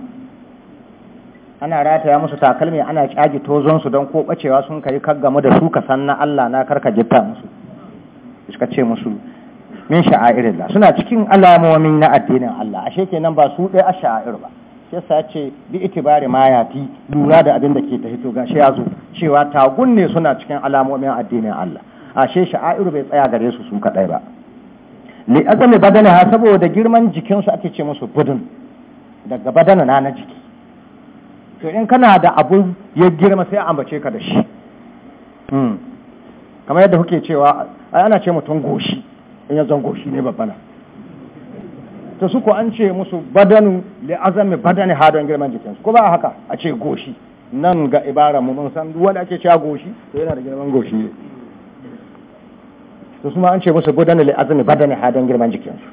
Speaker 1: ana rataya musu takalmi ana kyaji tozon su don ko bacewa sun kai kaggamu da su ka san na Allah na karka jitta musu suka ce musu min sha'airillah suna cikin alamomi na addinin Allah ashe kenan ba su dai a sha'air ba yasa ce bi itibari mayafi lura da abin da ke ta hito gashi ya zo cewa tagun ne suna cikin alamomin addinin Allah ashe sha'iru bai tsaya gare su su kadai ba li azami badana saboda girman jikinsu ake ce musu budun daga badana na na jiki to in kana da abu ya girma sai ambace ka da shi hmm. kamar yadda kuke cewa ai ana ce mutum goshi in ya zan goshi ne babana. to su ko an ce musu badanu da azami badani hadon girman jikinsu ko ba haka a ce goshi nan ga ibara mu mun san wanda ake cewa goshi to yana da girman goshi ne to su ma an ce musu badanu da azami badani hadon girman jikinsu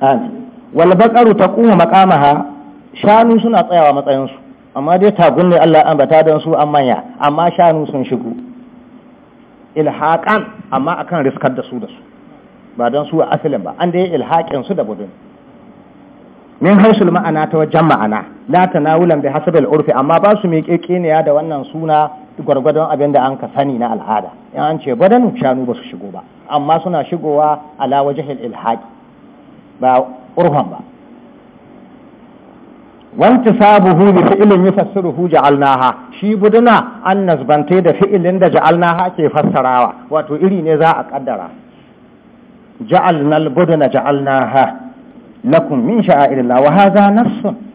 Speaker 1: amin wal baqaru taqumu maqamaha shanu suna tsayawa matsayinsu amma dai tagun ne Allah bata don su an manya amma shanu sun shigo ilhaqan amma akan riskar da su da su ba don su a asalin ba an da ya ilhaƙin su da budun min hausul ma'ana ta wajen ma'ana la wulan bi hasabil urfi amma ba su mai kekeniya da wannan suna gwargwadon abin da an ka sani na al'ada in an ce badan shanu ba su shigo ba amma suna shigowa ala wajhil ilhaqi ba urfan ba wantisabuhu bi fi'lin yufassiruhu ja'alnaha shi buduna an nasbante da fi'ilin da ja'alnaha ke fassarawa wato iri ne za a kaddara ja'alna al-budna ja'alnaha lakum min sha'airillah wa hadha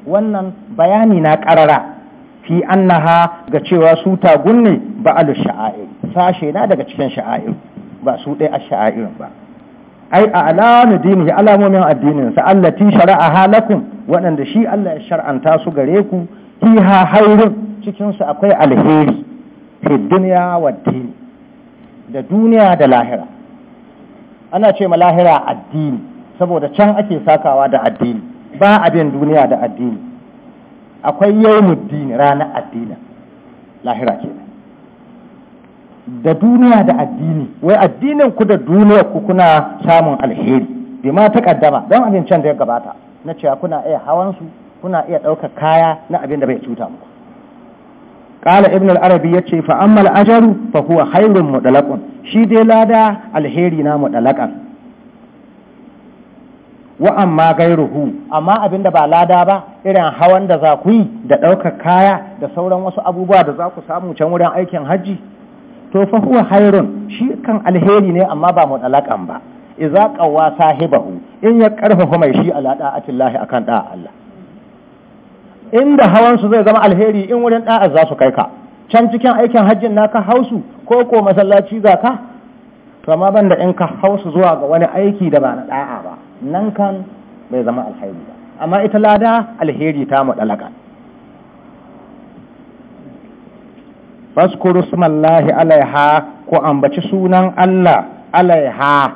Speaker 1: wannan bayani na karara fi annaha ga cewa su tagun ne ba'al sha'air sashe na daga cikin sha'air ba su dai ash-sha'air ba ai a dinihi alamomin addinin sa allati shara'aha lakum waɗanda shi Allah ya shar'anta su gare ku fiha hairin cikin su akwai alheri fi dunya wa da duniya da lahira ana ce ma lahira addini saboda can ake sakawa da addini ba abin duniya da addini akwai muddini ranar addini lahira ke da duniya da addini wai addinin ku da duniyar ku kuna samun alheri bi ma ta kaddama don abin can da ya gabata na cewa kuna iya hawan su kuna iya ɗaukar kaya na abin da bai cuta muku ƙala ibn al-arabi ce fa amma al fahu fa huwa khairun mutlaqan shi dai lada alheri na mutlaqan wa amma gairuhu amma abinda ba lada ba irin hawan da za ku yi da ɗaukar kaya da sauran wasu abubuwa da za ku samu can wurin aikin hajji to fa huwa hairun shi kan alheri ne amma ba mutlaqan ba idza in ya ƙarfafa mai shi a da'atillahi akan da'a Allah inda hawansu zai zama alheri in wurin ɗa'a za su kai ka can cikin aikin hajjin naka hausu ko ko masallaci za ka to amma banda in ka hausu zuwa ga wani aiki da ba na ɗa'a ba nan kan bai zama alheri ba amma ita lada alheri ta mu dalaka faskuru smallahi alaiha ko ambaci sunan Allah alaiha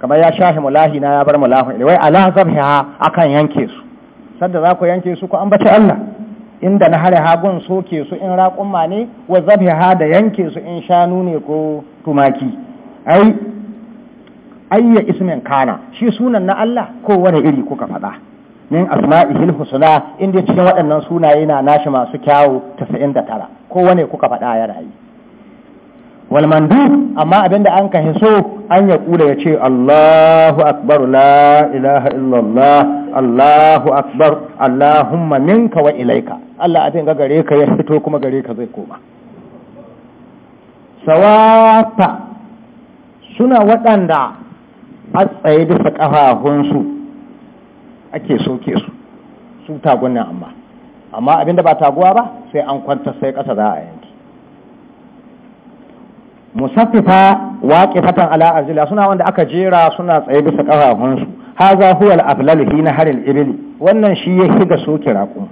Speaker 1: kamar ya shahi mulahi na ya bar mulahu wai ala zabha akan yanke su sadda za ku yanke su ku ambaci Allah inda na hare hagun soke su in raƙumma ne wa ha da yanke su in shanu ne ko tumaki ai ayya ismin kana shi sunan na Allah ko wani iri kuka faɗa min asma'ihil husna inda cikin waɗannan sunaye na nashi masu kyawu 99 ko wani kuka faɗa ya rayu wal mandu amma abinda an ka hiso an ya kula ya ce Allahu akbar la ilaha illallah Allahu akbar Allahumma minka wa ilaika Allah abin ga gare ka ya fito kuma gare ka zai koma sawata suna waɗanda a tsaye bisa ƙafafunsu ake soke su su tagunan amma amma abinda ba taguwa ba sai an kwanta sai ƙasa za a yanki musaffifa waqifatan ala arzila suna wanda aka jera suna tsaye bisa kafafunsu haza huwal al-aflal hina haril ibli wannan shi yake ga soki raquma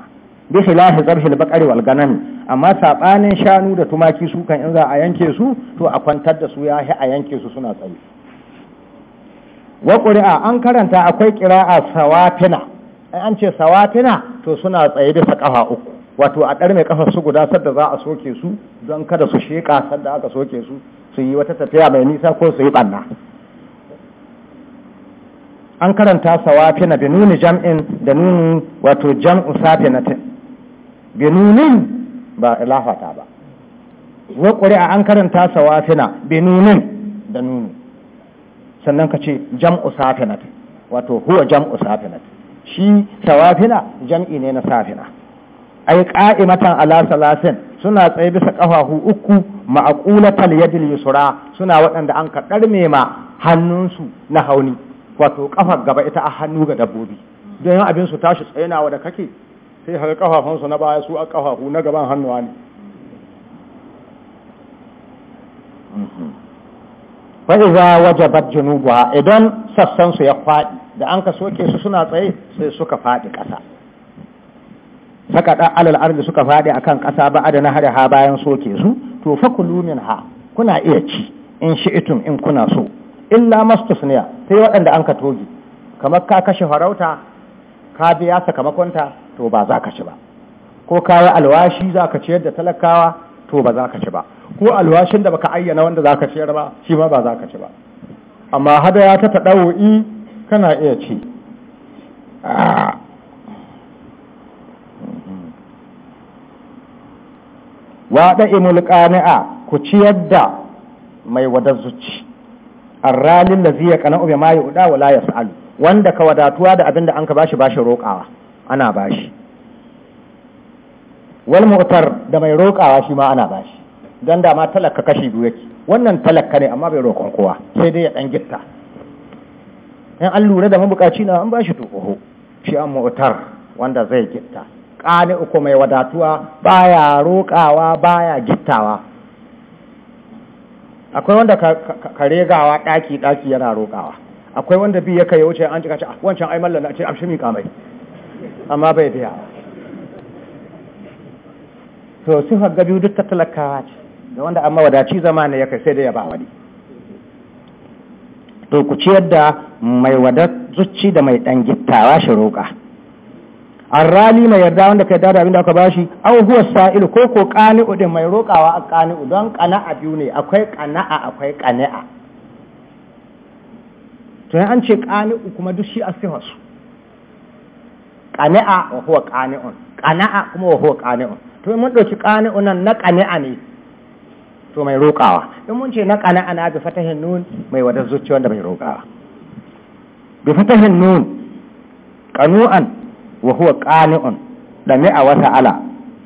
Speaker 1: bi khilafi zabhi baqari wal ganam amma sabanin shanu da tumaki su kan in za a yanke su to a kwantar da su ya yahi a yanke su suna tsaye wa qur'a an karanta akwai qira'a sawafina an ce sawafina to suna tsaye bisa kafa uku wato a ɗar mai ƙafa su guda sadda za a soke su don kada su sheƙa sadda aka soke su su yi wata tafiya mai nisa ko su yi ɓanna an karanta sawafina na benuni jam'in da nuni wato jam'u safinatin bi benunin ba lafata ba wa ƙuri'a an karanta sawafina na benunin da nuni sannan ka ce jam'u safinatin wato huwa jam'u safinatin shi sawafina jam'i ne na safina ay qa'imatan ala salasin suna tsaye bisa kafafu uku ma'qulatal yadil yusra suna waɗanda an ka karme ma hannunsu na hauni wato kafar gaba ita a hannu ga dabbobi don yin abin su tashi na da kake sai haka ƙafafunsu na baya su a kafafu na gaban hannuwa ne fa'iza wajabar junubuwa idan sassansu ya faɗi da an ka soke su suna tsaye sai suka faɗi ƙasa saka da alal ardi suka fadi akan kasa ba adana hada ha bayan soke su to fakulu min ha kuna iya ci in shi'itum in kuna so illa mastusniya sai waɗanda an ka togi kamar ka kashe farauta ka biya sakamakonta to ba za ka ci ba ko ka yi alwashi za ka ciyar da talakawa to ba za ka ci ba ko alwashin da baka ayyana wanda za ka ciyar ba shi ma ba za ka ci ba amma hadaya ta taɗawo'i kana iya ci ah. Waɗa da'imul qani'a ku ciyar da mai wadar zuci ralin da zai kana ube ma ya uɗa wala ya sa'alu wanda ka wadatuwa da abin da an ka bashi bashi roƙawa ana bashi wal mu'tar da mai roƙawa shi ma ana bashi don da ma talaka kashi biyu yake wannan talaka ne amma bai roƙon kowa sai dai ya ɗan gitta in an lura da mabuƙaci na an bashi to oho shi an mu'tar wanda zai gitta ƙani uku mai wadatuwa ba ya roƙawa ba ya gittawa akwai wanda ka regawa ɗaki-ɗaki yana roƙawa akwai wanda bi ya kai wuce an cika ci ah, wancan ai na ce amshi miƙa mai amma bai biya to sun haga biyu duk tattalakawa ce da wanda amma wadaci zama ne ya kai sai da ya ba wani to ku ciyar da mai wadar zuci da mai ɗan gittawa shi roƙa arrali mai yarda wanda ka yarda da abin da aka bashi aw huwa sa'ilu ko ko qani'u udin mai rokawa a qani'u don qana'a biyu ne akwai qana'a akwai qani'a to an ce qani'u kuma duk shi asihas qani'a wa huwa qani'un qana'a kuma wa huwa qani'un to mun dauki qani'un nan na qani'a ne to mai rokawa in mun ce na qana'a na bi fatahin nun mai wadar zuciya wanda mai rokawa bi fatahin nun qanu'an wa huwa qani'un a wata ala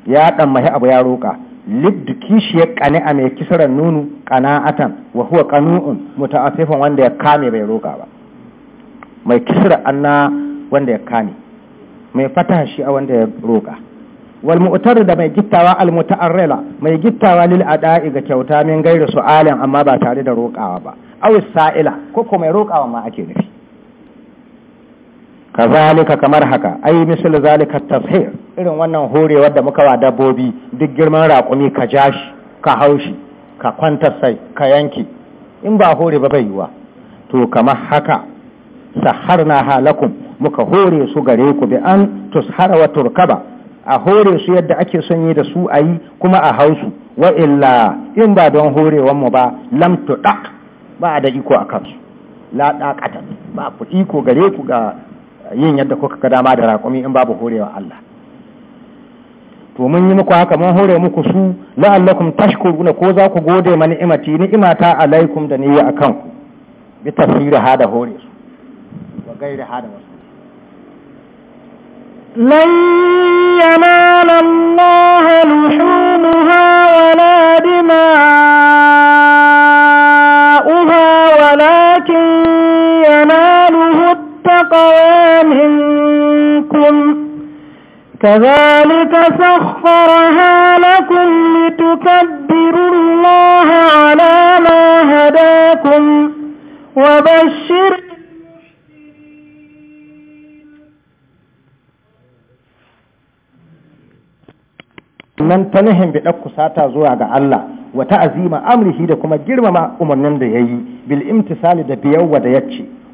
Speaker 1: ya dan mahi abu ya roka liddu kishiyar qani'a mai kisaran nunu qana'atan wa huwa qanu'un muta'affifan wanda ya kame bai roka ba mai kisra anna wanda ya kame mai fata shi a wanda ya roka wal mu'tar da mai gittawa al muta'arrila mai gittawa lil ada'i ga kyauta min gairu su'alin amma ba tare da rokawa ba aw sa'ila ko ko mai rokawa ma ake nufi kazalika kamar haka ai misal zalika tashir irin wannan horewar da muka wa dabbobi duk girman raƙumi ka jashi ka haushi ka kwanta sai ka yanki in ba hore ba bai to kamar haka sahar na halakum muka hore su gare ku bi an tushara wa turkaba a hore su yadda ake son yi da su ayi kuma a hausu wa illa in ba don horewan mu ba lam tudaq ba da iko a kansu la daqata ba ku iko gare ku ga yin yadda kuka ka dama da raƙumi in babu horewa Allah to mun yi muku haka mun hore muku su la'allakum tashkuruna ko za ku gode ma ni'imati ni'imata alaikum da niyya akan ku bi tafsiri hada hore su wa gairi hada wasu
Speaker 2: lan yanala Allah luhumuha wala dima قوامكم كذلك سخرها لكم لتكبروا الله على ما هداكم وبشر
Speaker 1: nan ta nahin bi ɗan kusata zuwa ga Allah wa ta'azima amrihi da kuma girmama umarnin da ya yi bil imtisali da biyawwa da yacce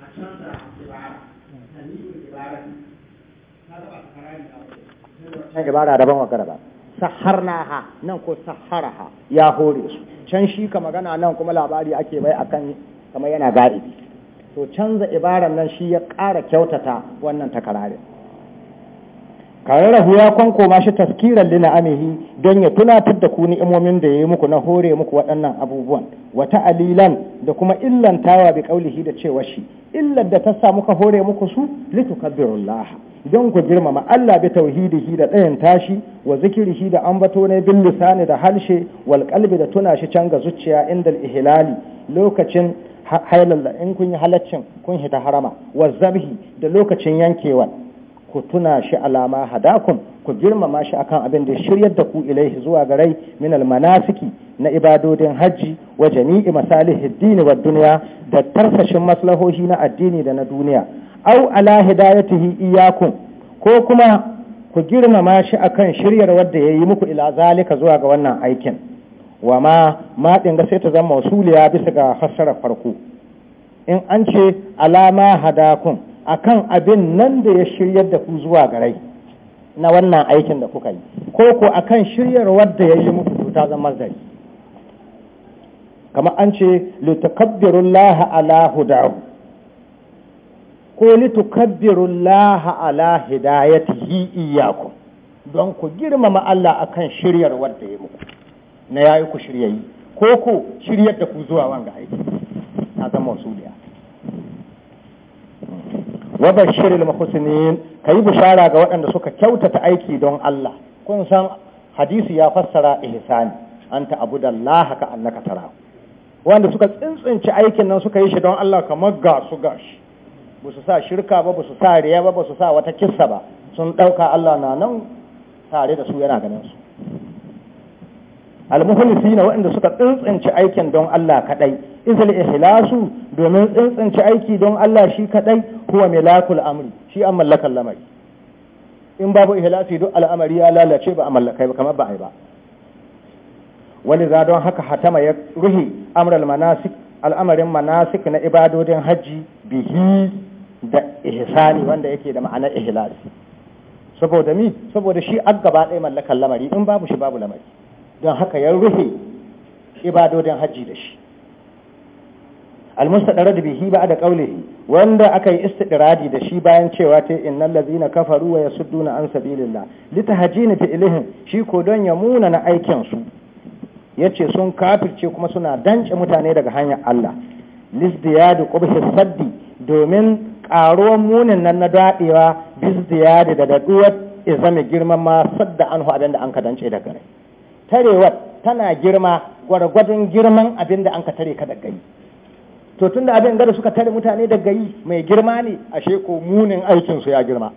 Speaker 1: a canza ibara ibara can ibara daban wa garaba nan ko ha ya hore su can shi ka magana nan kuma labari ake bai akan kama yana ga'ibi to canza ibaran nan shi ya ƙara kyautata wannan takararin kararrahu ya kwankoma shi taskiran lina amihi don ya tunatar da ku ni'imomin da ya yi muku na hore muku waɗannan abubuwan wata alilan da kuma illan tawa bi kaulihi da cewa shi illan da ta samu ka hore muku su litukabbirullah don ku girmama Allah bi tauhidihi da tsayin tashi wa zikirihi da ambato ne bin lisani da harshe wal da tuna shi can zuciya inda Ihilali lokacin hailallah in kun yi halaccin kun hita harama wa zabhi da lokacin yankewa ku tuna shi alama hadakun ku girmama shi akan abin da shiryar da ku ilaihi zuwa ga rai min almanasiki na ibadodin hajji wa jami'i masalihi addini wa duniya da tarsashin maslahohi na addini da na duniya au ala hidayatihi iyakun ko kuma ku girmama shi akan shiryar wadda yayi muku ila zalika zuwa ga wannan aikin wa ma ma sai ta zama wasuliya bisa ga fassarar farko in an ce alama hadakun akan abin nan da ya shiryar da ku zuwa garai na wannan aikin da kuka yi ko ko akan shiryarwar da ya yi muku ta zama zari kama an ce laha ala hudahu ko laha ala hidayatihi iyaku don ku girmama Allah akan shiryarwar da ya muku na ya yi ku shiryayi ko ku shiryar da ku zuwa wanga aiki ta zama wasuliya shirin bashiril ka kayi bishara ga waɗanda suka kyautata aiki don Allah kun san hadisi ya fassara ihsani anta abudallaha ka annaka tarahu wanda suka tsintsinci aikin nan suka yi shi don Allah kamar ga su shi, ba su sa shirka ba ba su sa riya ba ba su sa wata kissa ba sun ɗauka Allah na nan tare da su yana ganin su almuhlisina waɗanda suka tsintsinci aikin don Allah kadai izal ihlasu domin tsintsinci aiki don Allah shi kadai huwa milakul amri shi an mallakan lamari in babu ihlasi duk al'amari ya lalace ba a mallakai ba kamar ba ai ba wani za don haka hatama ya ruhi amral manasik al'amarin manasik na ibadodin hajji
Speaker 2: bihi
Speaker 1: da ihsani wanda yake da ma'ana ihlasi saboda mi saboda shi an ɗaya mallakan lamari in babu shi babu lamari don haka ya rufe ibadodin hajji da shi da bihi ba da ƙaunihi wanda aka yi istiradi da shi bayan cewa ta innal lazina kafaru wa yasudduna an lita litahjina na fi'ilihin shi ko don ya muna na aikin su ce sun kafirce kuma suna danci mutane daga hanyar Allah da qubhi saddi domin ƙaruwan munin nan na daɗewa dadewa ya da daduwar izami girman ma sadda anhu abinda an kadance daga rai tarewar tana girma gwargwadon girman abin da an ka tare ka da gari to tun da abin gada suka tare mutane da gayi mai girma ne a sheko munin aikinsu ya girma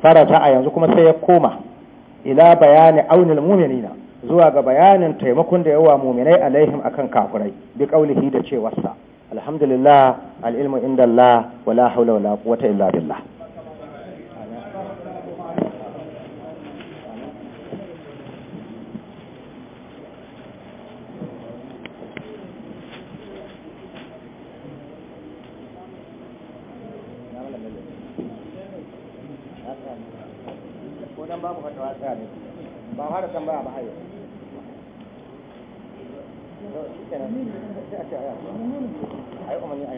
Speaker 1: farata a yanzu kuma sai ya koma ila bayani aunin muminina zuwa ga bayanin taimakon da yawa muminai alaihim akan kafirai bi kaulihi da cewarsa alhamdulillah al'ilmu inda Allah wala haula wala quwwata illa billah Alhamdulillahi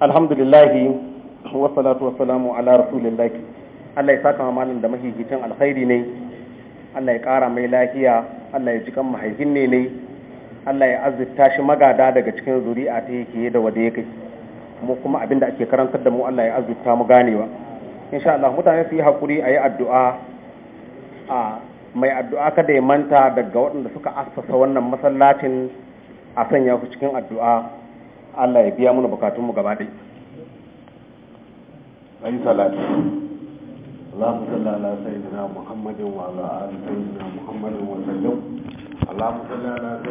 Speaker 1: umarni ai alhamdulillah ala rasulillah Allah ya saka malam da mahihicin alkhairi ne Allah ya kara mai lafiya Allah ya ji kan mahaifin ne ne Allah ya azurta shi magada daga cikin zuri'a ta yake da wada yake mu kuma abin da ake karantar da mu Allah ya azurta mu ganewa insha Allah mutane su yi hakuri a yi addu'a a mai addu'a kada ya manta daga waɗanda suka assasa wannan masallacin a sanya ku cikin addu'a Allah ya biya mana bukatunmu gaba ɗai. Ayi salatu.
Speaker 2: Allahu salli ala sayyidina Muhammadin wa ala ali Muhammadin wa sallam. Allahu salli ala